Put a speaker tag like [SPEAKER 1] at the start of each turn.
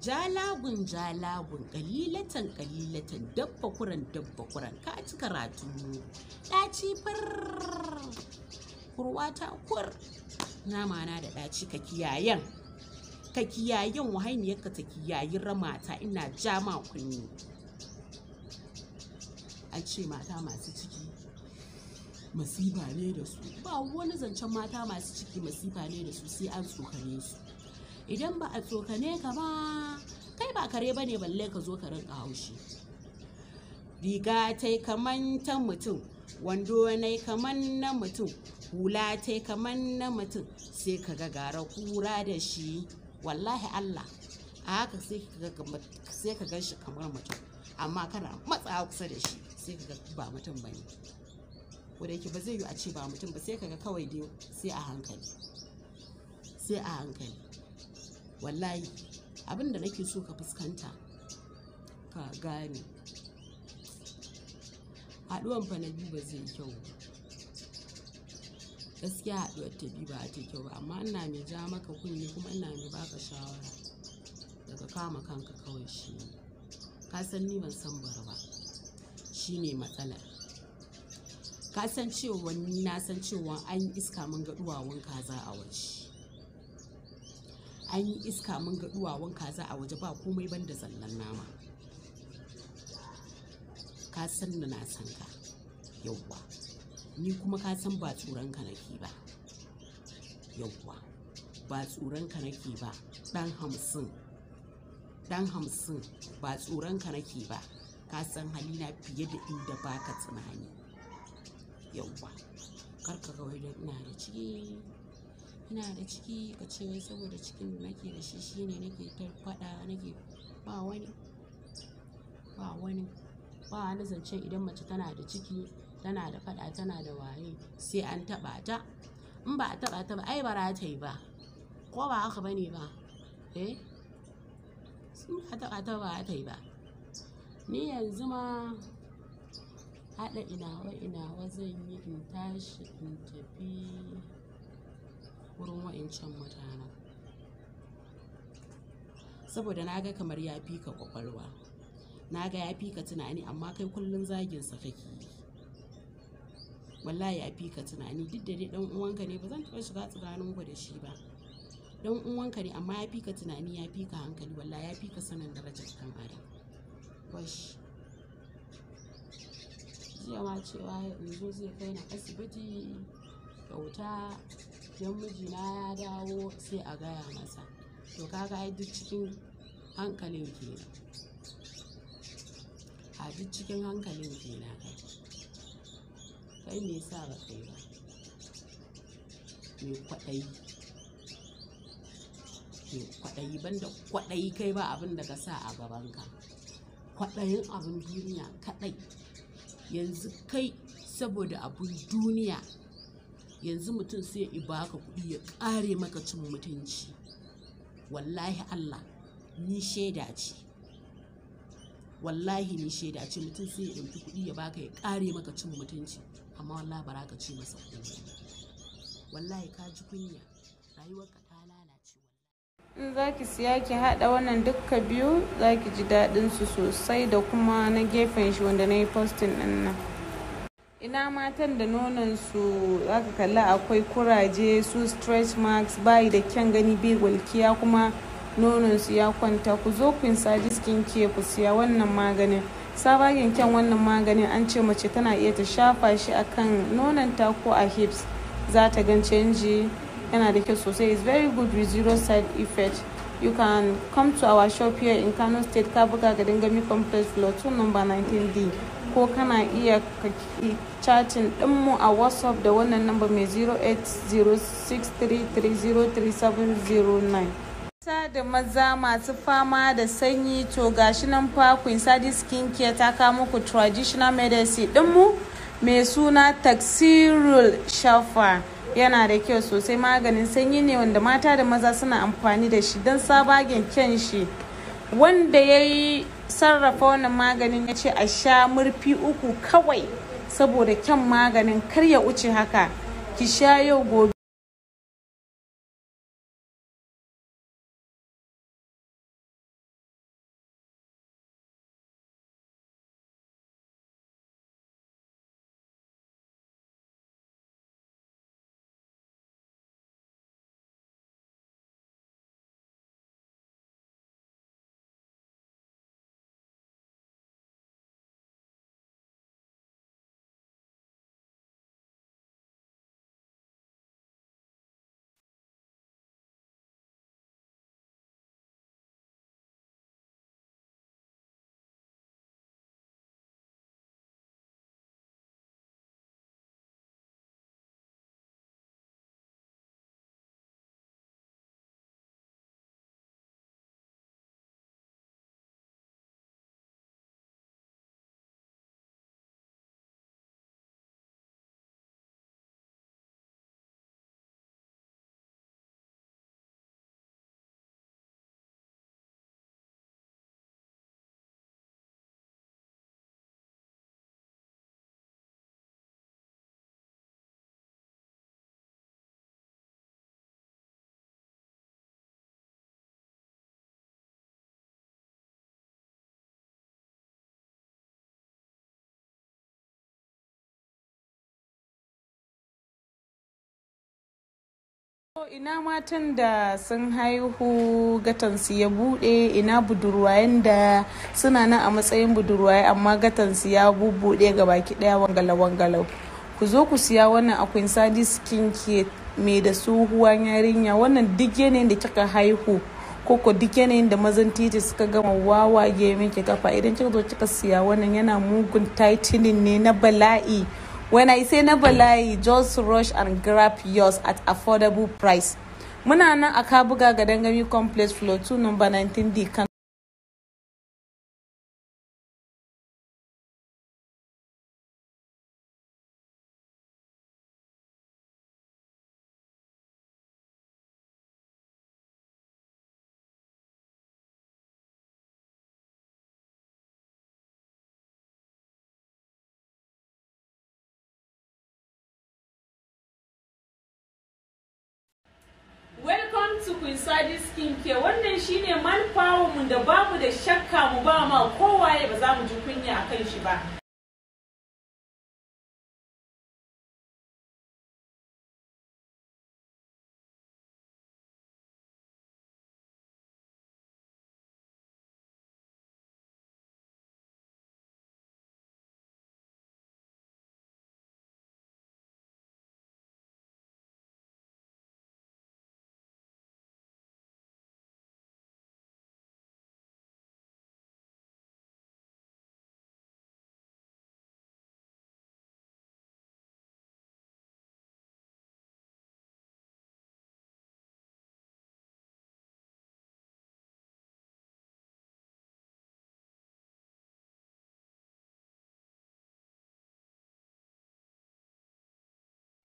[SPEAKER 1] jalagun jalagun kalilatan kalilatan dabba kuran dabba kuran ka ci karatu ɗaci far kurwata kur nama na da ɗaci ka kiyayen ka kiyayen ka ta kiyayi ramata ina jama kunni A ce mata masu ciki masifa ne da su ba wani zancen mata masu ciki masifa ne da su sai an tsokane su idan ba a tsokane ka ba kai ba kare ba ne balle ka zo ka rinka haushi riga ta kaman ta mutum wando ne kaman na mutum hula ta kaman na mutum sai ka ga gara kura da shi wallahi allah a haka sai ka gan shi kamar mutum amma kana matsa kusa da shi sai ka ga ba mutum ba ne ko yake ba zai yi a ce ba mutum ba sai ka ga kawai dai sai a hankali sai a hankali wallahi abin da nake so ka fuskanta ka gane haɗuwan fa na biyu ba zai kyau gaskiya haɗuwar ta biyu ba ta kyau ba amma ina mai ja maka kunne kuma ina mai baka shawara daga kama kanka kawai shi ne ka san ni ban san bara ba shi ne matsalar ka san cewa ni na san cewa an iska mun ga duwawun kaza a waje an yi iska mun ga duwawan kaza a waje ba komai ban da zallan nama ka san na san ka yauwa ni kuma ka san ba tsoron ka nake ba yauwa ba tsoron ka nake ba dan hamsin dan hamsin ba tsoron ka nake ba ka san halina fiye da inda baka tsanani yauwa karka kawai don ina da ciki ina da ciki ka ce wai saboda cikin da nake da shi shine nake ta fada nake ba wani ba wani ba wani zance idan mace tana da ciki tana da faɗa tana da waye sai an taɓa ta in ba a taɓa ta ba ai ba ta yi ba ko ba haka bane ba eh sun ba taɓa ta ba ta yi ba ni yanzu ma haɗa inawa inawa zan yi in tashi in tafi wurin wa'incan mutanen saboda na ga kamar ya fi ka kwakwalwa na ga ya fi ka tunani amma kai kullum zagin sa kake yi wallahi ya fi ka tunani duk da dai dan uwanka ne ba zan taɓa shiga tsakanin ku da shi ba dan uwanka ne amma ya fi ka tunani ya fi ka hankali wallahi ya fi ka sanin darajar dan adam wash jiya ma cewa yanzu zai kai na asibiti kyauta don mijina ya dawo sai a gaya masa to kaga ai duk cikin hankalin kenan a duk cikin hankalin kenan kai kai me yasa ba kai ba me kwaɗayi me kwadai banda kwaɗayi kai ba abin da ka sa a gabanka kwaɗayin abin duniya kaɗai yanzu kai saboda abin duniya yanzu mutum sai i baka kuɗi ya ƙare maka cin mutunci wallahi Allah ni shaida ce wallahi ni shaida ce mutum sai ya ɗauki kuɗi ya baka ya ƙare maka cin mutunci amma wallahi ba ka ce masa kuɗi wallahi ka ji kunya rayuwarka ta lalace in za ki siya ki haɗa
[SPEAKER 2] wannan dukka biyu za ki ji su sosai da kuma na gefen shi wanda na yi postin ɗin nan ina matan da nonon su zaka kalla akwai kuraje su stretch marks bayi da kyan gani bai walkiya kuma nonon su ya kwanta ku zo ku insaji skin care ku siya wannan maganin sabagen kyan wannan maganin an ce mace tana iya ta shafa shi akan nonon ta ko a hips za ta gan canji yana da kyau sosai is very good with zero side effect you can come to our shop here in Kano State dinga mi Complex Floor 2 number 19D ko kana iya cacin ɗinmu a whatsapp da wannan namba mai 08063303709 Sa da maza masu fama da sanyi to gashi nan fa Queen Sadi care ta kawo muku traditional medicine ɗinmu mai suna Taxirul Shafa. yana da kyau sosai maganin sanyi ne wanda mata da maza suna amfani da shi don sabagen kyan shi wanda ya yi sarrafa wannan maganin ya ce a sha murfi uku kawai saboda kyan maganin kar ya wuce haka ki sha yau gobe ina matan da sun haihu gatansu ya bude ina budurwayen da suna nan a matsayin budurwaye amma gatansu ya bubude ga baki daya wangala-wangalau ku zo ku siya wannan akwai sadi skin ke mai da tsohuwan yarinya wannan duk yanayin da kika haihu ko ko duk yanayin da mazan titi suka gama wawage miki kafa idan kika zo kika siya wannan yana mugun titanin ne na bala'i When I say never lie, just rush and grab yours at affordable price. Muna nan a Kabuga Gadangami Complex Floor 2 number 19D Kano. su sadi skin care wannan shine manpower mu da babu da shakka mu ba ma kowaye ba za mu ji kunya a kan shi ba